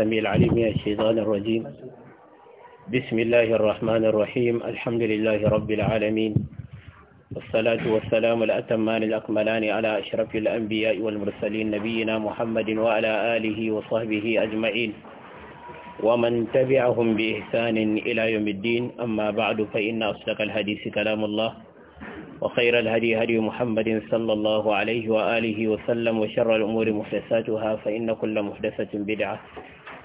السميع العليم يا الشيطان الرجيم بسم الله الرحمن الرحيم الحمد لله رب العالمين والصلاة والسلام الأتمان الأكملان على أشرف الأنبياء والمرسلين نبينا محمد وعلى آله وصحبه أجمعين ومن تبعهم بإحسان إلى يوم الدين أما بعد فإن أصدق الحديث كلام الله وخير الهدي هدي محمد صلى الله عليه وآله وسلم وشر الأمور محدثاتها فإن كل محدثة بدعة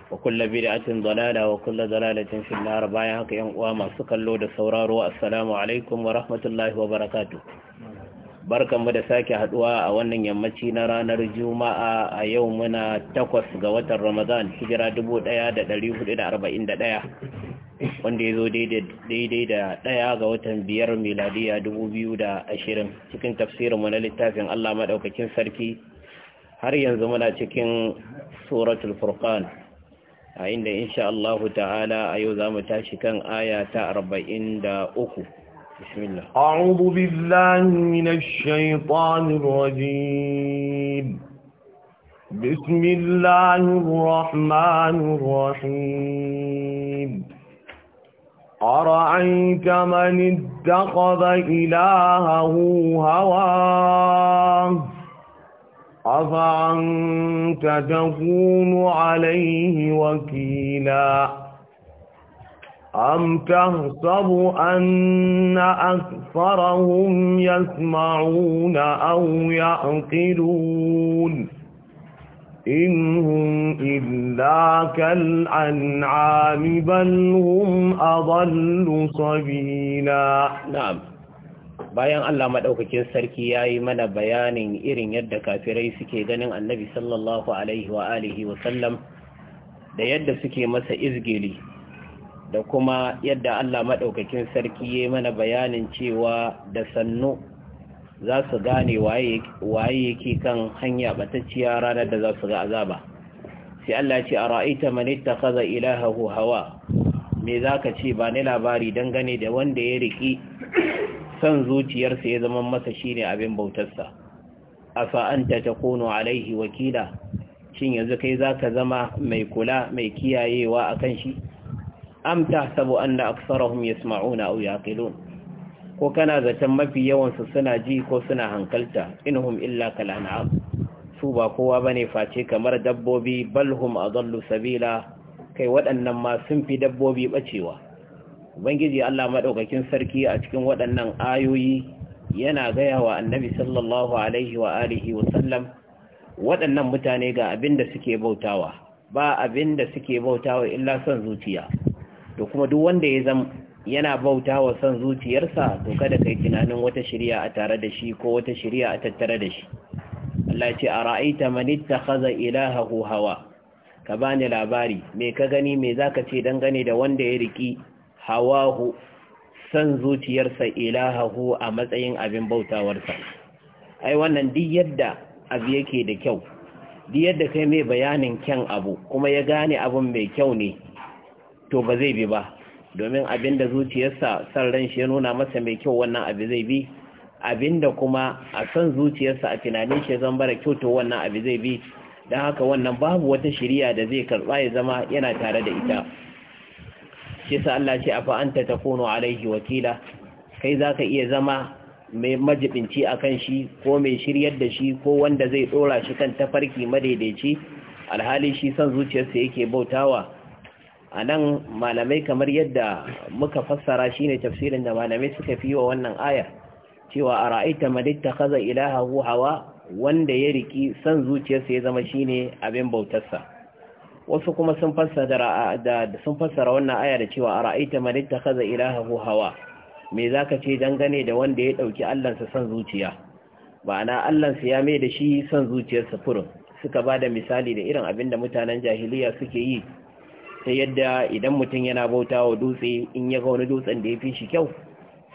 wa kulla bid'atin dalala wa kulla dalalatin fi nar bayan haka yan uwa masu kallo da sauraro assalamu alaikum wa rahmatullahi wa barakatuh barkanmu da sake haduwa a wannan yammaci na ranar juma'a a yau muna takwas ga watan ramadan hijira 1441 wanda ya zo daidai da ɗaya ga watan biyar miladiya ashirin, cikin tafsirinmu na littafin allah maɗaukakin sarki har yanzu muna cikin suratul furqan a inda insha Allah ta'ala a yau za mu tashi kan aya ta 43 bismillah a'udhu billahi minash shaitanir rajim bismillahir rahmanir rahim أرأيت من اتخذ إلهه هواه أفعنت تكون عليه وكيلا أم تحسب أن أكثرهم يسمعون أو يعقلون إن هم إلا كالأنعام بل هم أضل سبيلا نعم bayan Allah maɗaukakin sarki ya yi mana bayanin irin yadda kafirai suke ganin annabi sallallahu alaihi wa alihi da yadda suke masa izgili da kuma yadda Allah maɗaukakin sarki ya mana bayanin cewa da sannu za su gane waye yake kan hanya batacciya ranar da za su ga azaba sai Allah ce a ra'aita manitta kaza ilahahu hawa me zaka ce ba ni labari dangane da wanda ya riƙi son zuciyarsa ya zama masa shine abin bautarsa A sa'anta ta kono alaihi wakila shin yanzu kai za ka zama mai kula mai kiyayewa akan shi am tahsabu anna aktharuhum yasma'una aw yaqilun ko kana zaton mafi yawan suna ji ko suna hankalta inhum illa kal su ba kowa bane face kamar dabbobi balhum adallu sabila kai waɗannan ma sun fi dabbobi ɓacewa. ubangiji Allah maɗaukakin sarki a cikin waɗannan ayoyi yana gaya wa annabi sallallahu alaihi wa alihi wa sallam waɗannan mutane ga abin da suke bautawa ba abin da suke bautawa illa son zuciya to kuma duk wanda ya zama yana bautawa son zuciyarsa to kada kai tunanin wata shirya a tare da shi ko wata shirya a tattare da shi Allah ce a ra'aita man ittakhadha ilahahu hawa ka bani labari me ka gani me zaka ce dangane da wanda ya riki hawahu san zuciyarsa ilahahu a matsayin abin bautawarsa ai wannan duk yadda abu yake da kyau duk yadda kai mai bayanin kyan abu kuma ya gane abin mai kyau ne to ba zai bi ba domin abin da zuciyarsa san ran shi ya nuna masa mai kyau wannan abu zai bi abin da kuma a san zuciyarsa a tunanin shi zan bara kyau to wannan abu zai bi don haka wannan babu wata shiriya da zai karɓa ya zama yana tare da ita shi sa Allah ce afa anta kono alaihi wakila kai zaka iya zama mai majibinci akan shi ko mai shiryar da shi ko wanda zai dora shi kan tafarki madaidaici alhali shi son zuciyarsa yake bautawa anan nan malamai kamar yadda muka fassara shine tafsirin da malamai suka fi wa wannan ayar cewa a ra'aita maditta kaza ilaha hawa wanda ya riki son zuciyarsa ya zama shine abin bautarsa wasu kuma sun fassara wannan aya da cewa ara'aita man ittakhadha ilahahu hawa me zaka ce dangane da wanda ya ɗauki Allah sa san zuciya ba'ana Allah sa ya mai da shi san zuciyar sa furun suka bada misali da irin abin da mutanen jahiliya suke yi ta yadda idan mutum yana bautawa dutse in ya ga wani dutsen da ya fi shi kyau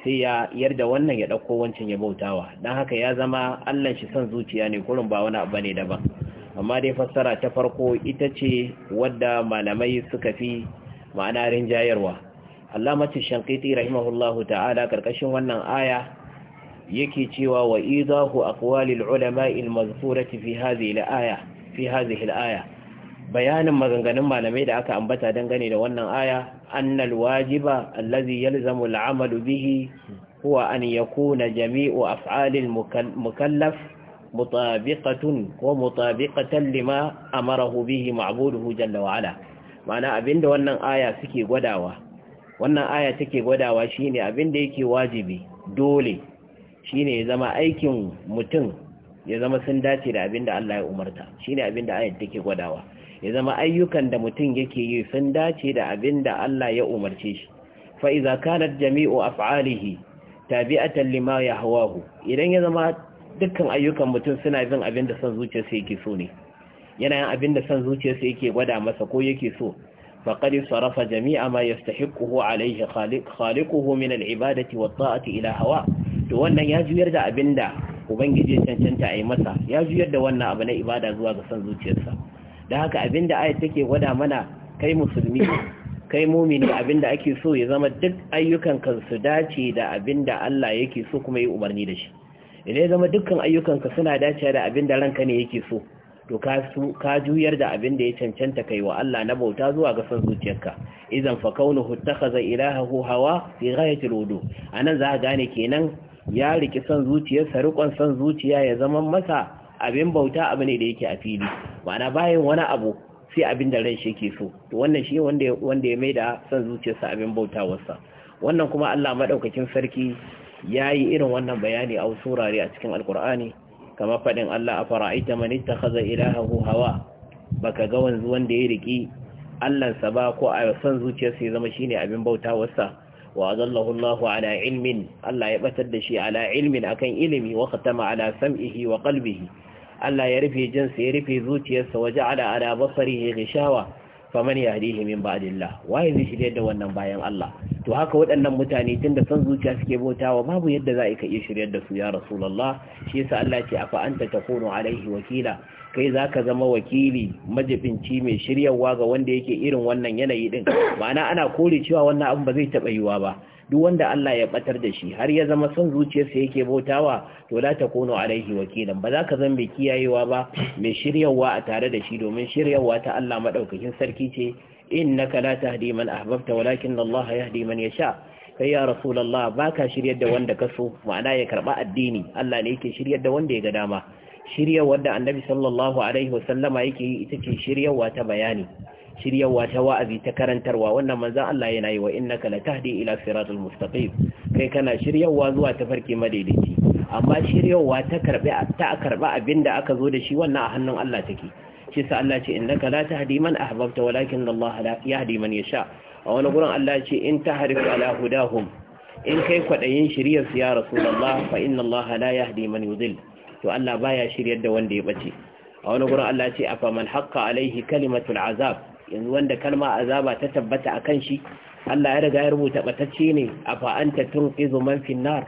sai ya yarda wannan ya ɗauko wancan ya bautawa dan haka ya zama Allah shi san zuciya ne kurun ba wani abu ne daban amma dai fassara ta farko ita ce wadda malamai suka fi ma'ana rinjayarwa allamacin shankiti rahimahullahu ta'ala karkashin wannan aya yake cewa wa izahu aqwalil ulama'il mazkurati fi hadhihi fi hadhihi al bayanin maganganun malamai da aka ambata dangane da wannan aya annal wajiba allazi yalzamu al bihi huwa an yakuna jami'u af'alil mukallaf mutabiqatun ko mutabiqatan lima amarahu bihi ma'buduhu jalla wa ala ma'ana abinda wannan aya suke gwadawa wannan aya take gwadawa shine abinda yake wajibi dole shine ya zama aikin mutum ya zama sun dace da abinda Allah ya umarta shine abinda ayat take gwadawa ya zama ayyukan da mutum yake yi sun dace da abinda Allah ya umarce shi fa iza kanat jami'u af'alihi tabi'atan lima yahwahu idan ya zama dukkan ayyukan mutum suna bin abin da son zuciyarsa yake so ne yana yin abin da son zuciyarsa yake gwada masa ko yake so faqad sarafa jami'a ma yastahiquhu alayhi khaliquhu min al-ibadati wat-ta'ati ila hawa to wannan ya juyar da abin da ubangiji cancanta ayi masa ya juyar da wannan abu na ibada zuwa ga son zuciyarsa da haka abin da ayat take gwada mana kai musulmi kai mumini abin da ake so ya zama duk ayyukan kansu dace da abin da Allah yake so kuma yi umarni da shi idan ya zama dukkan ayyukanka suna dace da abin da ranka ne yake so to ka juyar da abin da ya cancanta kai wa Allah na bauta zuwa ga son zuciyarka idan fa kaunuhu takhadha ilahu hawa fi ghayati rudu anan za ka gane kenan ya riki son zuciyarsa rikon san zuciya ya zama masa abin bauta abu ne da yake a fili ma'ana bayan wani abu sai abin da ran shi yake so to wannan shi wanda wanda ya maida son zuciyarsa abin bautawarsa wannan kuma Allah madaukakin sarki ya yi irin wannan bayani a wasu wurare a cikin alkur'ani kama faɗin Allah a fara'aita mani ta kaza ilahahu hawa baka ga wanzu wanda ya riki Allahnsa ba ko a son zuciyarsa ya zama shine abin bauta wasa wa azallahu Allahu ala ilmin Allah ya batar da shi ala ilmin akan ilimi wa khatama ala sam'ihi wa qalbihi Allah ya rufe jinsa ya rufe zuciyarsa waje ala ala basarihi ghishawa faman yahdihi min ba'dillah waye zai shirye da wannan bayan Allah to haka waɗannan mutane tunda san zuciya suke bautawa babu yadda za a iya shirye da su ya rasulullah shi yasa Allah ya ce afa anta takunu alaihi wakila kai za ka zama wakili majibinci mai shiryawa ga wanda yake irin wannan yanayi din ma'ana ana kore cewa wannan abin ba zai taɓa wa ba duk wanda Allah ya batar da shi har ya zama son zuciyarsa yake bautawa to la kono alaihi wakilan ba za ka zama mai kiyayewa ba mai shiryawa a tare da shi domin shiryawa ta Allah madaukakin sarki ce innaka la tahdi man ahbabta walakin Allah yahdi man yasha kai ya rasulullah baka shiryar da wanda so? ma'ana ya karba addini Allah ne yake shiryar da wanda ya ga dama shiryawar da annabi sallallahu alaihi wasallama yake yi ita ce shiryarwa ta bayani shiryawa ta wa'azi ta karantarwa wannan manzan Allah yana yi wa innaka latahdi ila siratal mustaqim kai kana shiryawa zuwa tafarki madaidaici amma shiryawa ta karbi ta karba abinda aka zo da shi wannan a hannun Allah take shi sa Allah ce innaka la tahdi man ahbabta walakin Allah yahdi man yasha a wani gurin Allah ce in tahrif ala hudahum in kai kwadayin shiryarsu su ya rasulullah fa inna Allah la yahdi man yudhill to Allah baya shiryar da wanda ya bace a wani gurin Allah ce afa man haqqa alaihi kalimatul azab yanzu wanda kalma azaba ta tabbata akan shi Allah ya riga ya rubuta batacce ne afa anta tunqizu man fin nar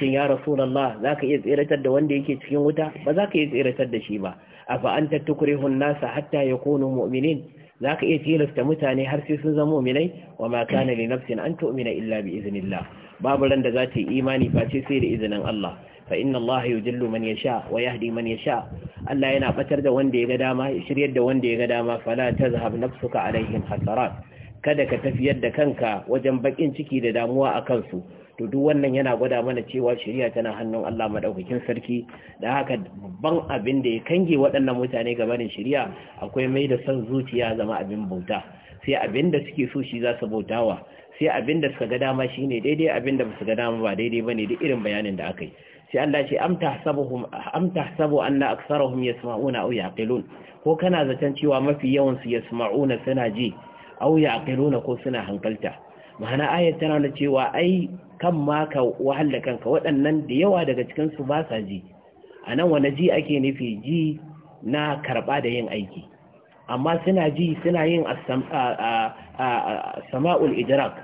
shin ya rasulullah zaka iya tsiratar da wanda yake cikin wuta ba zaka iya tsiratar da shi ba afa anta tukrihu an-nasa hatta yakunu mu'minin za ka iya tilasta mutane har sai sun zama muminai wa ma kana li nafsin an tu'mina illa bi iznillah babu ran da za ta yi imani face sai da izinin Allah fa inna Allah yudillu man yasha wa yahdi man yasha Allah yana batar da wanda ya ga dama ya shiryar da wanda ya ga dama fala tazhab nafsuka alaihim hasarat kada ka tafiyar da kanka wajen bakin ciki da damuwa a kansu to duk wannan yana gwada mana cewa shari'a tana hannun Allah madaukakin sarki da haka babban abin da ya kange waɗannan mutane ga barin shari'a akwai mai da son zuciya zama abin bauta sai abin da suke so shi za su bautawa sai abin da suka ga dama shine daidai abin da ba su ga dama ba daidai bane da irin bayanin da aka yi sai Allah ce am tahsabuhum am tahsabu anna aktharuhum yasma'una aw yaqilun ko kana zaton cewa mafi yawan su yasma'una suna ji aw yaqiluna ko suna hankalta ma'ana ayat tana da cewa ai kan ma ka wahalla kanka waɗannan da yawa daga cikin su ba sa ji anan wani ji ake nufi ji na karba da yin aiki amma suna ji suna yin sama'ul idrak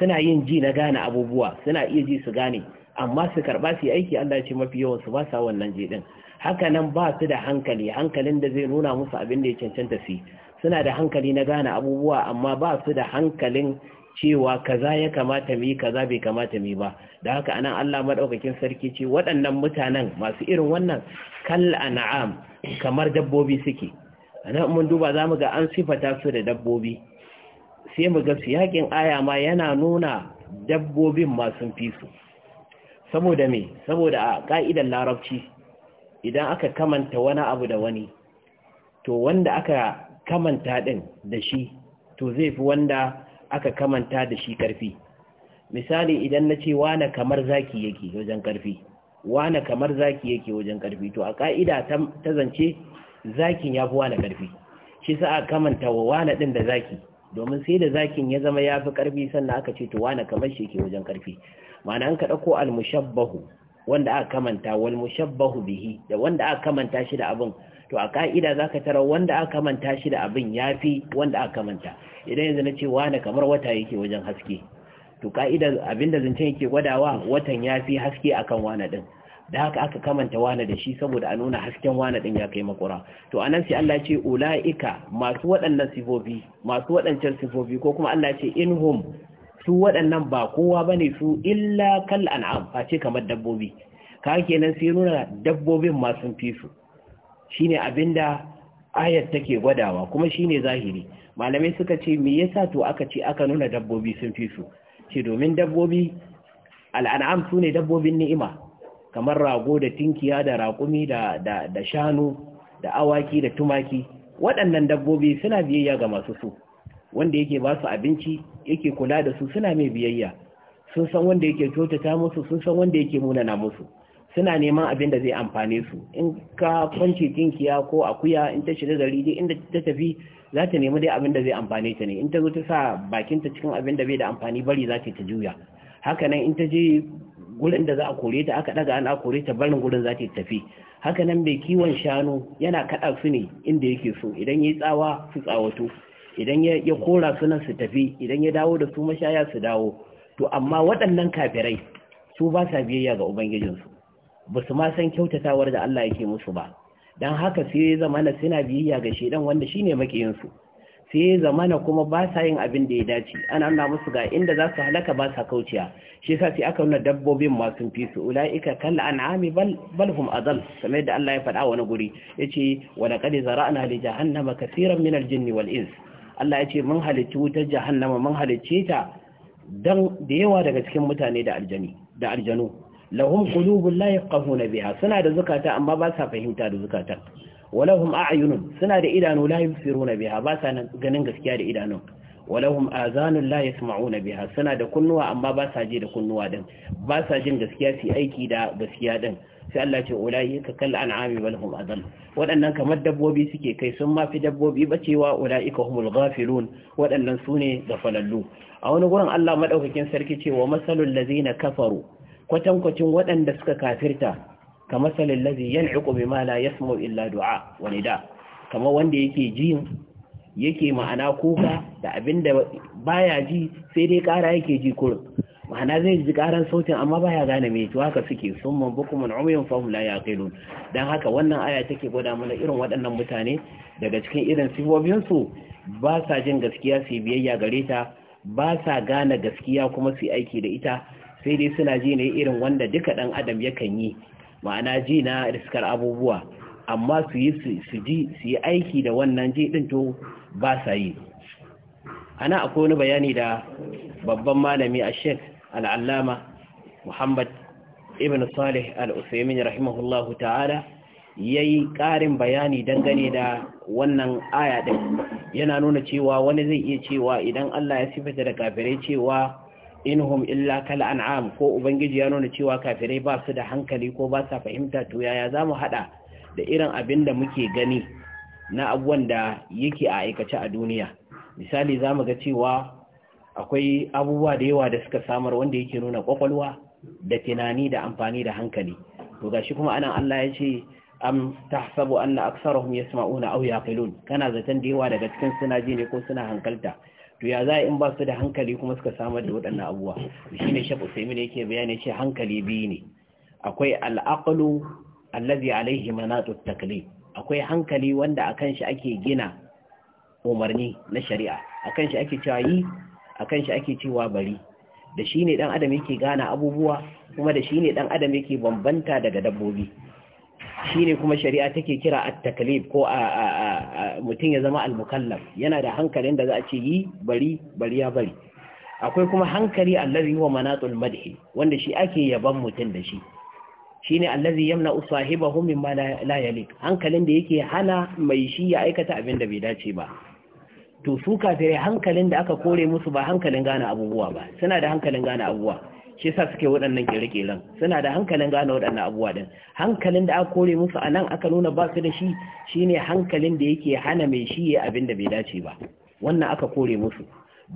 suna yin ji na gane abubuwa suna iya ji su gane amma su karba su aiki Allah ce mafi yawan su ba sa wannan je din haka nan ba su da hankali hankalin da zai nuna musu abin da ya cancanta su suna da hankali na gane abubuwa amma ba su da hankalin cewa kaza ya kamata mu yi kaza bai kamata mu yi ba da haka anan Allah madaukakin sarki ce waɗannan mutanen masu irin wannan kal an'am kamar dabbobi suke anan mun duba zamu ga an sifata su da dabbobi sai mu ga yakin aya ma yana nuna dabbobin masu sun fi su saboda me saboda a ka'idar larabci idan aka kamanta wani abu da wani to wanda aka kamanta ɗin da shi to zai fi wanda aka kamanta da shi ƙarfi misali idan na ce wane kamar zaki yake wajen ƙarfi wane kamar zaki yake wajen ƙarfi to a ƙa'ida ta zance zakin ya fi wane ƙarfi shi sa a kamanta wa wane ɗin da zaki domin sai da zakin ya zama ya fi ƙarfi sannan aka ce to wane kamar shi yake wajen ƙarfi ma'ana an ka ɗauko almushabbahu wanda aka kamanta wal mushabbahu bihi da wanda aka kamanta shi da abin to a ka'ida zaka tara wanda aka kamanta shi da abin yafi wanda aka kamanta idan yanzu na ce wani kamar wata yake wajen haske to ka'ida abinda zance yake gwadawa watan yafi haske akan wani din da haka aka kamanta wani da shi saboda a nuna hasken wani din ya kai makura to anan sai Allah ce ulaika masu waɗannan sifofi masu waɗancan sifofi ko kuma Allah ce inhum su waɗannan ba kowa ba ne su illa kal an'am face kamar dabbobi ka kenan sai nuna dabbobin ma sun fi su shine abinda ayat take gwadawa kuma shine zahiri malamai suka ce me yasa to aka ce aka nuna dabbobi sun fi su ce domin dabbobi al'an'am su ne dabbobin ni'ima kamar rago da tinkiya da raƙumi da da shanu da awaki da tumaki waɗannan dabbobi suna biyayya ga masu su wanda yake ba su abinci yake kula da su suna mai biyayya sun san wanda yake kyautata musu sun san wanda yake munana musu suna neman abin da zai amfane su in ka kwance tinkiya ko akuya in ta shiga gari dai inda ta tafi za ta nemi dai abin da zai amfane ta ne in ta zo ta sa bakinta cikin abin da bai da amfani bari za ta juya haka nan in ta je gurin da za a kore ta aka daga ana kore ta barin gurin za ta tafi haka nan mai kiwon shanu yana kada su ne inda yake so idan yayi tsawa su tsawato idan ya kora su su tafi idan ya dawo da su mashaya su dawo to amma waɗannan kafirai su ba sa biyayya ga ubangijinsu ba su ma san kyautatawar da Allah yake musu ba dan haka sai ya na suna biyayya ga shedan wanda shine makiyin su sai ya zamana kuma ba sa yin abin da ya dace ana nuna musu ga inda za su halaka ba sa kauciya shi yasa sai aka nuna dabbobin ma sun fi su ulaika kal an'ami bal bal hum adall kamar yadda Allah ya faɗa wani guri yace wa laqad zara'na li jahannama kaseeran min al-jinni wal Allah ya ce mun halitta wutar jahannama mun halicce ta dan da yawa daga cikin mutane da aljani da aljanu lahum qulubun la yafqahuna biha suna da zukata amma ba sa fahimta da zukatan walahum a'yunun suna da idanu la yusiruna biha ba sa ganin gaskiya da idanu walahum azanun la yasma'una biha suna da kunnuwa amma ba sa ji da kunnuwa din ba sa jin gaskiya su aiki da gaskiya din sai Allah ce ulaika kal an'ami bal hum adall waɗannan kamar dabbobi suke kai sun ma fi dabbobi bacewa ulaika humul ghafilun waɗannan sune gafalallu a wani gurin Allah madaukakin sarki ce wa masalul ladzina kafaru kwatankwacin waɗanda suka kafirta kamar salin lazi yan riƙo mala ya samu illa du'a wani da kamar wanda yake jin yake ma'ana kuka da abinda baya ji sai dai ƙara yake ji kurin ma'ana zai ji karan sautin amma ba ya gane me tuwa haka suke summan umarin famula ya kai yaqilun don haka wannan aya take gwada mana irin waɗannan mutane daga cikin irin sifobinsu su ba sa jin gaskiya su biyayya gare ta ba sa gane gaskiya kuma su aiki da ita sai dai suna ji ne irin wanda duka ɗan adam yakan yi ma'ana ji na riskar abubuwa amma su yi su ji su yi aiki da wannan ji din to ba sa yi ana akwai wani bayani da babban malami a shek al'allama muhammad ibn salih al'usaimin rahimahullahu ta'ala ya yi ƙarin bayani dangane da wannan aya ɗin yana nuna cewa wani zai iya cewa idan Allah ya sifata da kafirai cewa inhum illa kal an'am ko ubangiji ya nuna cewa kafirai ba su da hankali ko ba sa fahimta to yaya mu haɗa da irin abin da muke gani na abuwan da yake a aikace a duniya misali za mu ga cewa akwai abubuwa da yawa da suka samar wanda yake nuna kwakwalwa da tunani da amfani da hankali to gashi kuma anan Allah ya ce am tahsabu anna aktharuhum yasma'una aw yaqilun kana zaton da yawa daga cikin suna ji ne ko suna hankalta to ya za in ba su da hankali kuma suka samar da waɗannan abubuwa shine Sheikh Usaimin yake bayani ce hankali biyu ne akwai al-aqlu allazi alaihi manatu taklif akwai hankali wanda akan shi ake gina umarni na shari'a akan shi ake cewa yi akan shi ake cewa bari da shi ne ɗan adam yake gane abubuwa kuma da shi ne ɗan adam yake bambanta daga dabbobi shi ne kuma shari'a take kira a takalif ko a mutum ya zama almukallaf yana da hankalin da za a ce yi bari bari ya bari akwai kuma hankali allazi huwa manatul madhi wanda shi ake yaban mutum da shi ne allazi yamna usahibahu mimma la yalik hankalin da yake hana mai shi ya aikata abin da bai dace ba to su kafirai hankalin da aka kore musu ba hankalin gane abubuwa ba suna da hankalin gane abubuwa shi yasa suke waɗannan kirkiran suna da hankalin gane waɗannan abubuwa din hankalin da aka kore musu a nan aka nuna ba su da shi shine hankalin da yake hana mai shi ya abin da bai dace ba wannan aka kore musu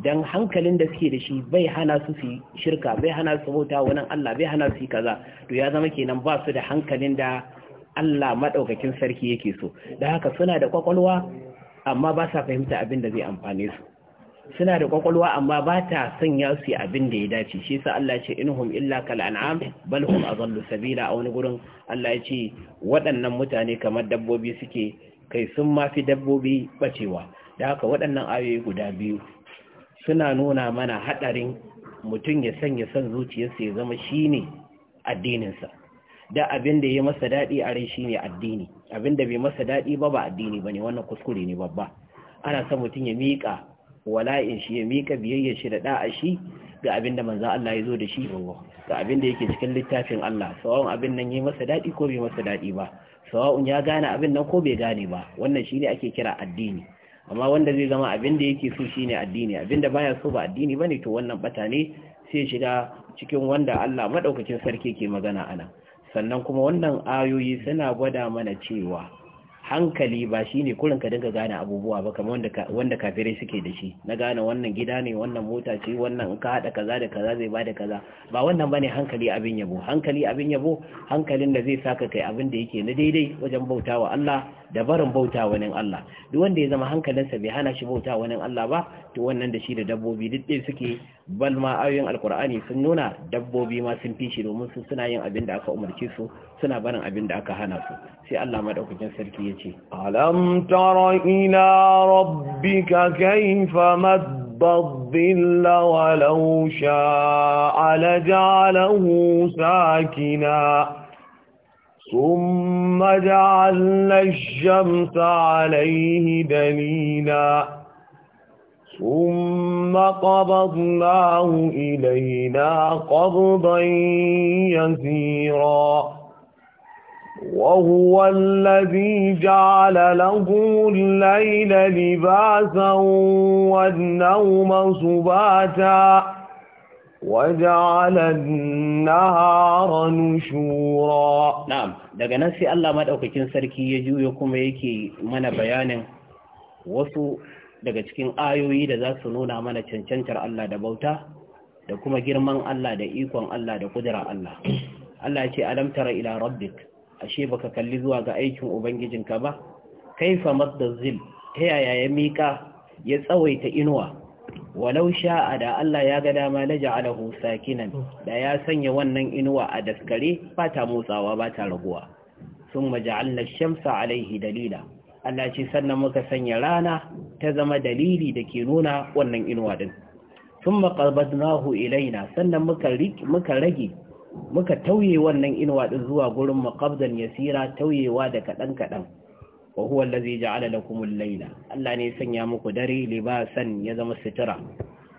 dan hankalin da suke da shi bai hana su su shirka bai hana su bauta nan Allah bai hana su yi kaza to ya zama kenan ba su da hankalin da Allah madaukakin sarki yake so da haka suna da kwakwalwa amma ba sa fahimta abin da zai amfane su suna da kwakwalwa amma ba ta sanya su abin da ya dace shi sa Allah ce inhum illa kal an'am bal hum adallu sabila a wani gurin Allah ya ce waɗannan mutane kamar dabbobi suke kai sun ma fi dabbobi bacewa da haka waɗannan ayoyi guda biyu suna nuna mana haɗarin mutum ya sanya son zuciyarsa ya zama shine addininsa da abin da ya masa daɗi a rai ne addini abin da bai masa daɗi ba ba addini ba, ne wannan kuskure ne babba ana son mutum ya miƙa wala'in shi ya miƙa biyayyar shi da ɗa'a shi ga abin da manzan Allah ya zo da shi ga abin da yake cikin littafin Allah sawa'un abin nan ya masa daɗi ko bai masa daɗi ba sawa'un ya gane abin nan ko bai gane ba wannan shi ne ake kira addini amma wanda zai zama abin da yake so shi ne addini abin da baya so ba addini ba ne, to wannan bata ne sai shiga cikin wanda Allah maɗaukakin sarki ke magana anan sannan kuma wannan ayoyi suna gwada mana cewa hankali ba shi ne kurin ka dinga gane abubuwa ba kamar wanda kafirai suke da shi na gane wannan gida ne wannan mota ce wannan ka haɗa kaza da kaza zai ba da kaza ba wannan bane hankali abin yabo hankali abin yabo hankalin da zai saka kai abin da yake na daidai wajen bautawa Allah da barin bauta wani Allah duk wanda ya zama hankalinsa bai hana shi bauta wani Allah ba to wannan da shi da dabbobi duk ɗaya suke bal ma ayoyin alkur'ani sun nuna dabbobi ma sun fi shi domin su suna yin abin da aka umarci su suna barin abin da aka hana su sai Allah madaukakin sarki ya ce alam tara ila rabbika kayfa madbilla walau sha'a laja'alahu sakina ثم جعلنا الشمس عليه دليلاً ثم قبضناه إلينا قبضا يسيرا وهو الذي جعل له الليل لباسا والنوم سباتا وجعل النهار نشورا نعم daga nan sai Allah madaukakin sarki ya juyo kuma yake mana bayanin wasu daga cikin ayoyi da za su nuna mana cancantar Allah da bauta da kuma girman Allah da ikon Allah da kudura Allah Allah ce alam tara ila rabbik ashe baka kalli zuwa ga aikin Ubangijin ka ba kaifa madda zil ta yaya ya mika ya tsawaita inuwa walau sha'a da Allah ya ga dama na ja'alahu sakinan da ya sanya wannan inuwa a daskare ba ta motsawa ba ta raguwa sun maja'alna shamsa alaihi dalila Allah ce sannan muka sanya rana ta zama dalili da ke nuna wannan inuwa din sun maƙalbazinahu ilaina sannan muka rage muka tauye wannan inuwa din zuwa gurin maƙabdan yasira tauyewa da kaɗan-kaɗan wa huwa allazi ja'ala lakum al-layla Allah ne sanya muku dare libasan ya zama sutura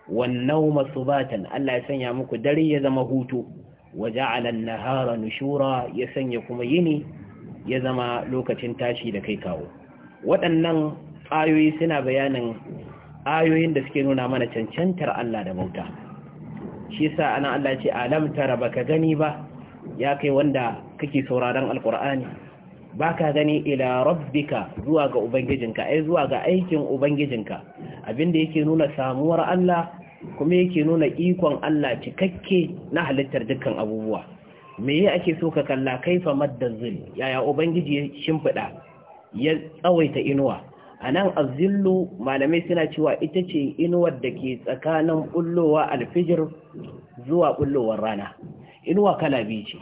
wan nawma subatan Allah ya sanya muku dare ya zama hutu wa ja'ala an-nahara nushura ya sanya kuma yini ya zama lokacin tashi da kai kawo waɗannan ayoyi suna bayanin ayoyin da suke nuna mana cancantar Allah da bauta shi sa ana Allah ce alam tara baka gani ba ya kai wanda kake sauraron alkur'ani baka gani ila rabbika zuwa ga ubangijinka ai zuwa ga aikin ubangijinka abinda yake nuna samuwar Allah kuma yake nuna ikon Allah cikakke na halittar dukkan abubuwa me ake so ka kalla kaifa madda yaya ubangiji ya shimfida ya tsawaita inuwa a nan azillu malamai suna cewa ita ce inuwar da ke tsakanin bullowa alfijir zuwa bullowar rana inuwa kala biyu ce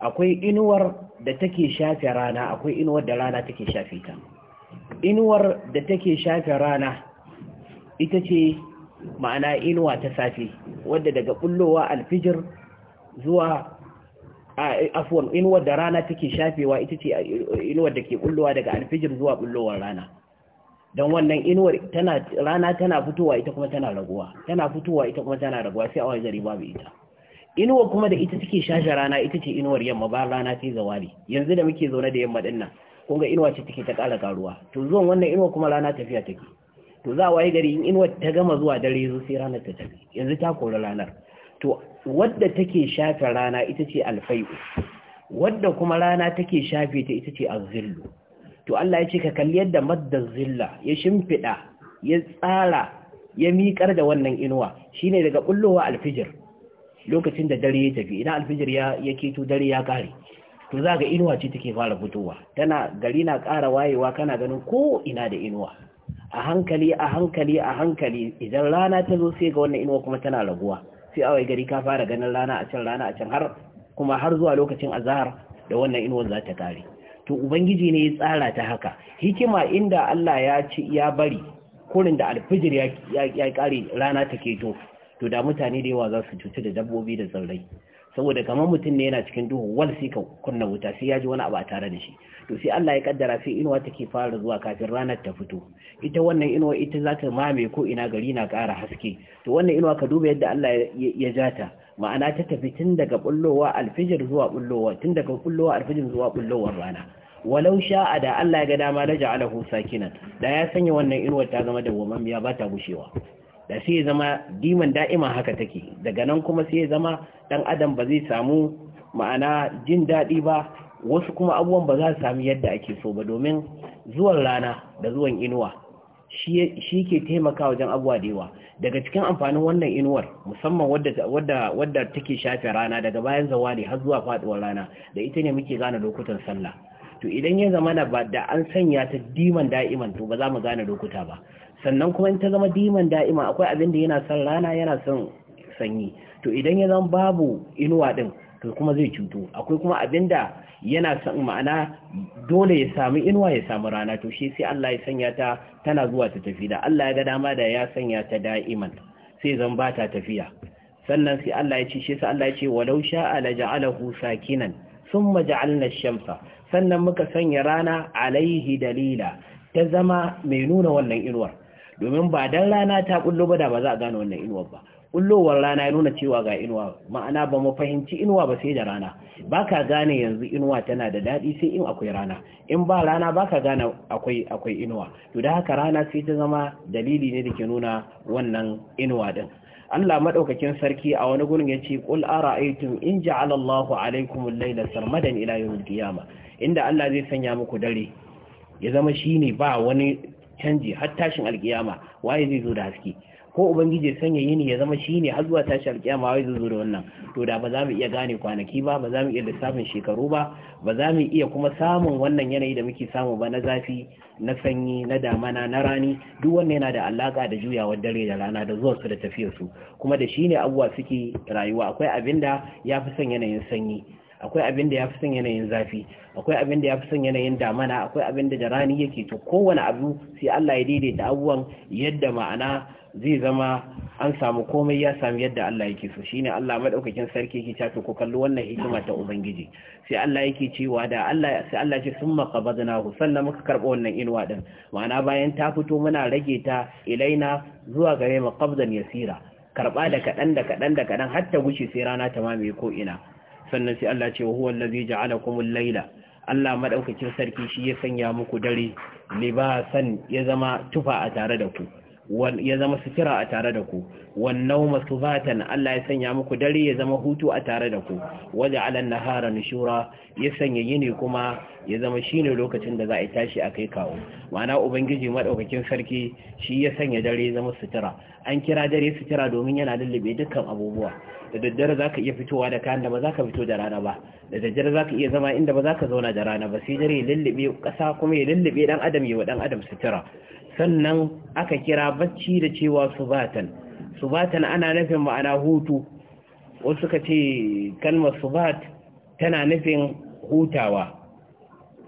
akwai inuwar da take shafe rana akwai inuwar da rana take shafe ta inuwar da take shafe rana ita ce ma'ana inuwa ta safe wadda daga bullowa alfijir zuwa Eh, afwan inuwar da rana take shafewa ita ce eh, eh, inuwar da ke bullowa daga alfijir zuwa bullowar rana don wannan inuwar tana rana tana fitowa ita kuma tana raguwa tana fitowa ita kuma tana raguwa sai a zari gari babu ita inuwar kuma da ita take shashe rana ita ce inuwar yamma ba rana sai zawali yanzu da muke zaune da yamma din nan kun ga inuwa ce take ta kara karuwa to zuwan wannan inuwar kuma rana tafiya take to za a waye gari in inuwar ta gama zuwa dare yanzu sai ranar ta tafi yanzu ta kori ranar to wadda take shafe rana ita ce alfai'u wadda kuma rana take shafe ta ita ce azzillu to Allah ya ce ka kalli yadda maddar zilla ya shimfiɗa ya tsara ya miƙar da wannan inuwa shine daga bullowa alfijir lokacin da dare ya tafi idan alfijir ya ya keto dare ya kare to za inuwa ce take fara fitowa tana gari na ƙara wayewa kana ganin ko ina da inuwa a hankali a hankali a hankali idan rana ta zo sai ga wannan inuwa kuma tana raguwa sai awai gari ka fara ganin rana a can rana a can har kuma har zuwa lokacin azahar da wannan inuwar za ta kare to ubangiji ne ya tsara ta haka hikima inda Allah ya ci ya bari kurin da alfijir ya ya kare rana take to to da mutane da yawa za su cuta da dabbobi da tsirrai saboda kamar mutum ne yana cikin duhu wal sai ka kunna wuta sai ya ji wani abu a tare da shi to sai Allah ya kaddara sai inuwa take fara zuwa kafin ranar ta fito ita wannan inuwa ita za ta mame ko ina gari na ƙara haske to wannan inuwa ka duba yadda Allah ya ja ta ma'ana ta tafi tun daga bullowa alfijir zuwa bullowa tun daga bullowa alfijir zuwa bullowar rana walau a da Allah ya ga dama da ja'alahu sakinan da ya sanya wannan inuwar ta zama da wamamiya ba ta gushewa da sai ya zama diman da'ima haka take daga nan kuma sai ya zama dan adam ba zai samu ma'ana jin daɗi ba wasu kuma abubuwan ba za su sami yadda ake so ba domin zuwan rana da zuwan inuwa shi ke taimaka wajen abuwa da yawa daga cikin amfanin wannan inuwar musamman wadda take shafe rana daga bayan zawali har zuwa faduwar rana da ita ne muke gane lokutan sallah to idan ya zama da an sanya ta diman da'iman to ba za mu gane lokuta ba sannan kuma in ta zama diman da'ima akwai abin da yana son rana yana son sanyi to idan ya zama babu inuwa din to kuma zai cuto akwai kuma abin da yana son ma'ana dole ya samu inuwa ya samu rana to shi sai Allah ya sanya ta tana zuwa ta tafi da Allah ya ga dama da ya sanya ta da'iman sai zan ba ta tafiya sannan sai Allah ya ce shi sai Allah ya ce walau sha'a la ja'alahu sakinan thumma ja'alna ash-shamsa sannan muka sanya rana alaihi dalila ta zama mai nuna wannan inuwar domin ba dan rana ta kullo ba da ba za a gane wannan inuwar ba kullowar rana ya nuna cewa ga inuwa ma'ana ba mu fahimci inuwa ba sai da rana baka gane yanzu inuwa tana da daɗi sai in akwai rana in ba rana baka gane akwai akwai inuwa to da haka rana sai ta zama dalili ne da ke nuna wannan inuwa din Allah madaukakin sarki a wani gurin yace qul ara'aytum in ja'ala Allahu alaykum al-layla sarmadan ila yawm al-qiyamah inda Allah zai sanya muku dare ya zama shine ba wani canji har tashin alkiyama waye zai zo da haske ko ubangiji ya sanya yini ya zama shine har zuwa tashin alkiyama waye zai zo da wannan to da ba za mu iya gane kwanaki ba ba za mu iya lissafin shekaru ba ba za mu iya kuma samun wannan yanayi da muke samu ba na zafi na sanyi na damana na rani duk wannan yana da alaka da juyawar dare da rana da su da tafiyar su kuma da shine abuwa suke rayuwa akwai abinda ya fi son yanayin sanyi akwai abin da ya fi son yanayin zafi akwai abin da ya fi son yanayin damana akwai abin da rani yake to kowane abu sai Allah ya daidaita abubuwan yadda ma'ana zai zama an samu komai ya samu yadda Allah yake so shine Allah madaukakin sarki yake cewa ko kallo wannan hikima ta ubangiji sai Allah yake cewa da Allah sai Allah ce summa qabadnahu sannan muka karbo wannan inuwa din ma'ana bayan ta fito muna rage ta ilaina zuwa gare mu qabdan yasira karba da kadan da kadan da kadan har ta gushe sai rana ta mamaye ko ina sannan sai Allah ce wa huwa allazi ja'alakumul layla Allah madaukakin sarki shi ya sanya muku dare libasan ya zama tufa a tare da ku ya zama sutura a tare da ku wannan masubatan Allah ya sanya muku dare ya zama hutu a tare da ku waje alan nahara nushura ya sanya yini kuma ya zama shine lokacin da za a tashi a kai kawo ma'ana ubangiji madaukakin sarki shi ya sanya dare ya zama sutura an kira dare sutura domin yana lullube dukkan abubuwa da daddare za ka iya fitowa da kayan da ba za ka fito da rana ba da daddare za ka iya zama inda ba za ka zauna da rana ba sai dare ya lullube ƙasa kuma ya lullube ɗan adam yi wa ɗan adam sutura sannan aka kira bacci da cewa subatan subatan ana nufin ma'ana hutu wasu suka ce kalmar subat tana nufin hutawa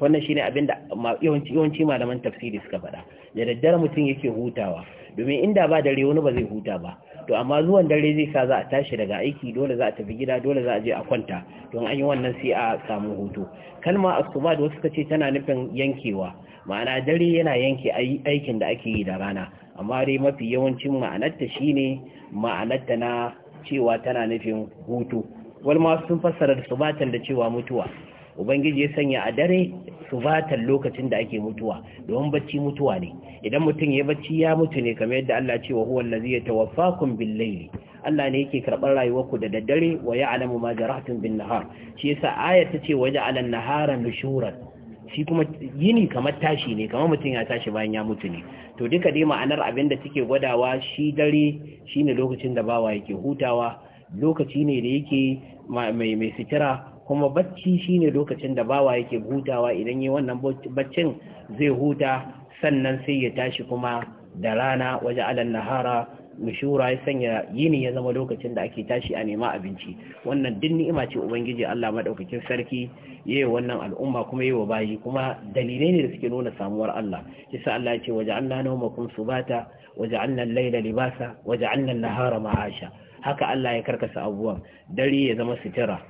wannan shine abin da yawanci malaman tafsiri suka faɗa da daddare mutum yake hutawa domin inda ba dare wani ba zai huta ba to amma zuwan dare zai sa za a tashi daga aiki dole za a tafi gida dole za a je a kwanta don an yi wannan sai a samu hutu kalma asuba da wasu kace tana nufin yankewa ma'ana dare yana yanke aikin da ake yi da rana amma dai mafi yawancin ma'anarta shine ma'anarta na cewa tana nufin hutu wal ma sun fassara da subatan da cewa mutuwa ubangiji ya sanya a dare su fatan lokacin da ake mutuwa domin bacci mutuwa ne idan mutum ya bacci ya mutu ne kamar yadda Allah ce wa ya allazi kun bin laili. Allah ne yake karɓar rayuwarku da daddare wa alamu ma rahatun bin nahar shi yasa aya ta ce waje alan nahara nushuran shi kuma yini kamar tashi ne kamar mutum ya tashi bayan ya mutu ne to duka dai ma'anar abin da take gwadawa shi dare shine lokacin da bawa yake hutawa lokaci ne da yake mai sitira kuma bacci shine lokacin da bawa yake hutawa idan yi wannan baccin zai huta sannan sai ya tashi kuma da rana waje alan nahara mishura ya sanya yini ya zama lokacin da ake tashi a nema abinci wannan duk ni'ima ce ubangiji Allah madaukakin sarki yayi wannan al'umma kuma yayi wa bayi kuma dalilai ne da suke nuna samuwar Allah yasa Allah ya ce waja'alna nawmakum subata waja'alna al-layla libasa waja'alna an-nahara ma'asha haka Allah ya karkasa abubuwan dare ya zama sitira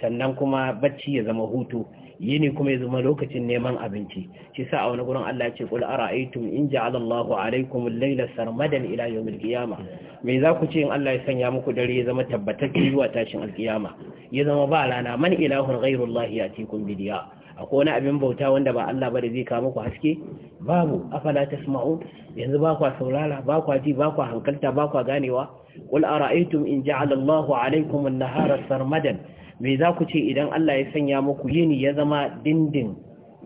sannan kuma bacci ya zama hutu yini kuma ya zama lokacin neman abinci shi sa a wani gurin Allah ce kul ara'aytum in ja'ala Allahu alaykum al-layla sarmadan ila yawm al-qiyama me za ku ce in Allah ya sanya muku dare ya zama tabbatacce zuwa tashin al-qiyama ya zama ba rana man ilahun ghayru Allah yatikum bidiya akwai wani abin bauta wanda ba Allah ba da zai kawo muku haske babu afala tasma'u yanzu ba kwa saurara ba kwa ji ba kwa hankalta ba kwa ganewa qul ara'aytum in ja'ala Allahu 'alaykum an-nahara sarmadan me za ku ce idan Allah ya sanya muku yini ya zama dindin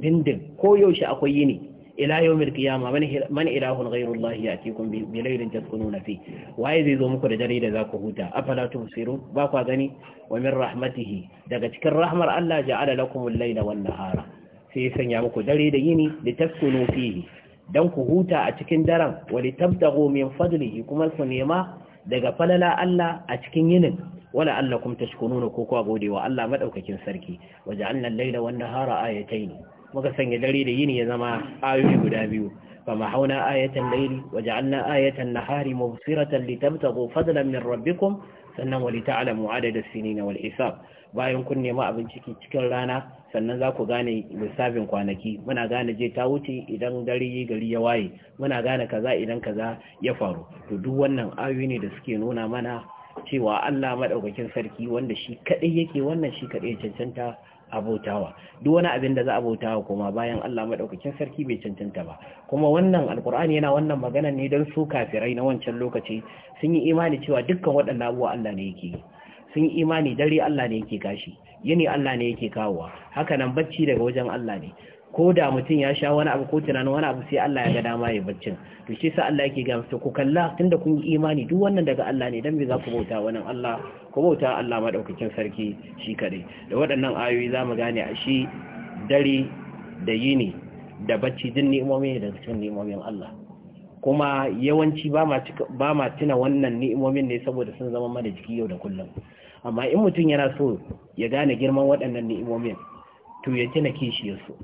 dindin ko yaushe akwai yini ila yawmil qiyama man ilahun ghayru Allah yatikum bi laylin taskununa fi waye zai zo muku da dare da zaku huta afala tubsirun ba kwa gani wa min rahmatihi daga cikin rahmar Allah ja'ala lakumul layla wan nahara sai sanya muku dare da yini litaskunu fihi dan ku huta a cikin daren wa litabtaghu min fadlihi kuma ku nema daga falala Allah a cikin yinin wala allakum tashkununa ko ku gode wa Allah madaukakin sarki waja'alna al-layla wan nahara ayatayn muka sanya dare da yini ya zama ayoyi guda biyu fama hauna ayatan laili waja'alna ayatan nahari mubsiratan litabtaghu fadlan min rabbikum sannan wali ta'lamu adada Sini sinin wal hisab bayan kun nemi ciki cikin rana sannan za ku gane lissafin kwanaki muna gane je ta wuce idan dare gari ya waye muna gane kaza idan kaza ya faru to duk wannan ayoyi ne da suke nuna mana cewa Allah madaukakin sarki wanda shi kadai yake wannan shi kadai cancanta abotawa duk wani abin da za a bautawa kuma bayan Allah madaukakin sarki bai cancanta ba kuma wannan alkur'ani yana wannan magana ne don su kafirai na wancan lokaci sun yi imani cewa dukkan waɗannan abubuwa Allah ne yake sun yi imani dare Allah ne yake kashi yini Allah ne yake kawowa haka nan bacci daga wajen Allah ne ko da mutum ya sha wani abu ko tunanin wani abu sai Allah ya ga dama ya barcin to shi sa Allah yake ga mutum ku kalla tunda kun yi imani duk wannan daga Allah ne dan me za ku bauta wannan Allah ku bauta Allah madaukakin sarki shi kaɗai, da waɗannan ayoyi za mu gane a shi dare da yini da bacci din ni'imomi ne cikin ni'imomin Allah kuma yawanci ba ma ba ma tuna wannan ni'imomin ne saboda sun zama mana jiki yau da kullum amma in mutum yana so ya gane girman waɗannan ni'imomin to ya tuna kishiyarsu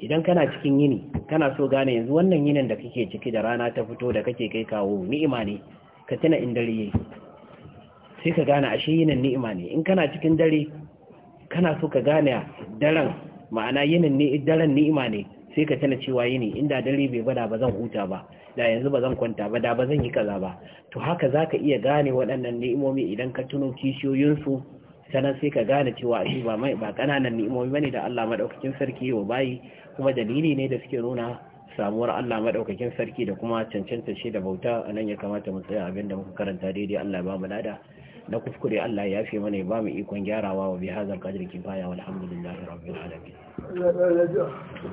idan kana cikin yini kana so gane yanzu wannan yinin da kake ciki da rana ta fito da kake kai kawo ni'ima ne ka tuna in dare yayi sai ka gane ashe yinin ni'ima ne in kana cikin dare kana so ka gane daren ma'ana yinin ne daren ni'ima ne sai ka tuna cewa yini inda dare bai bada ba zan huta ba da yanzu ba zan kwanta ba da ba zan yi kaza ba to haka zaka iya gane waɗannan ni'imomi idan ka tuno kishiyoyinsu sannan sai ka gane cewa ashe ba mai ba kananan ni'imomi bane da Allah madaukakin sarki wa bayi kuma dalili ne da suke nuna samuwar Allah madaukakin sarki da kuma cancanta shi da bauta anan ya kamata mu tsaya abinda muka karanta daidai Allah ya ba mu lada na kuskure Allah ya fi mana ya ba mu ikon gyarawa wa bi hadal qadri kifaya walhamdulillahi rabbil alamin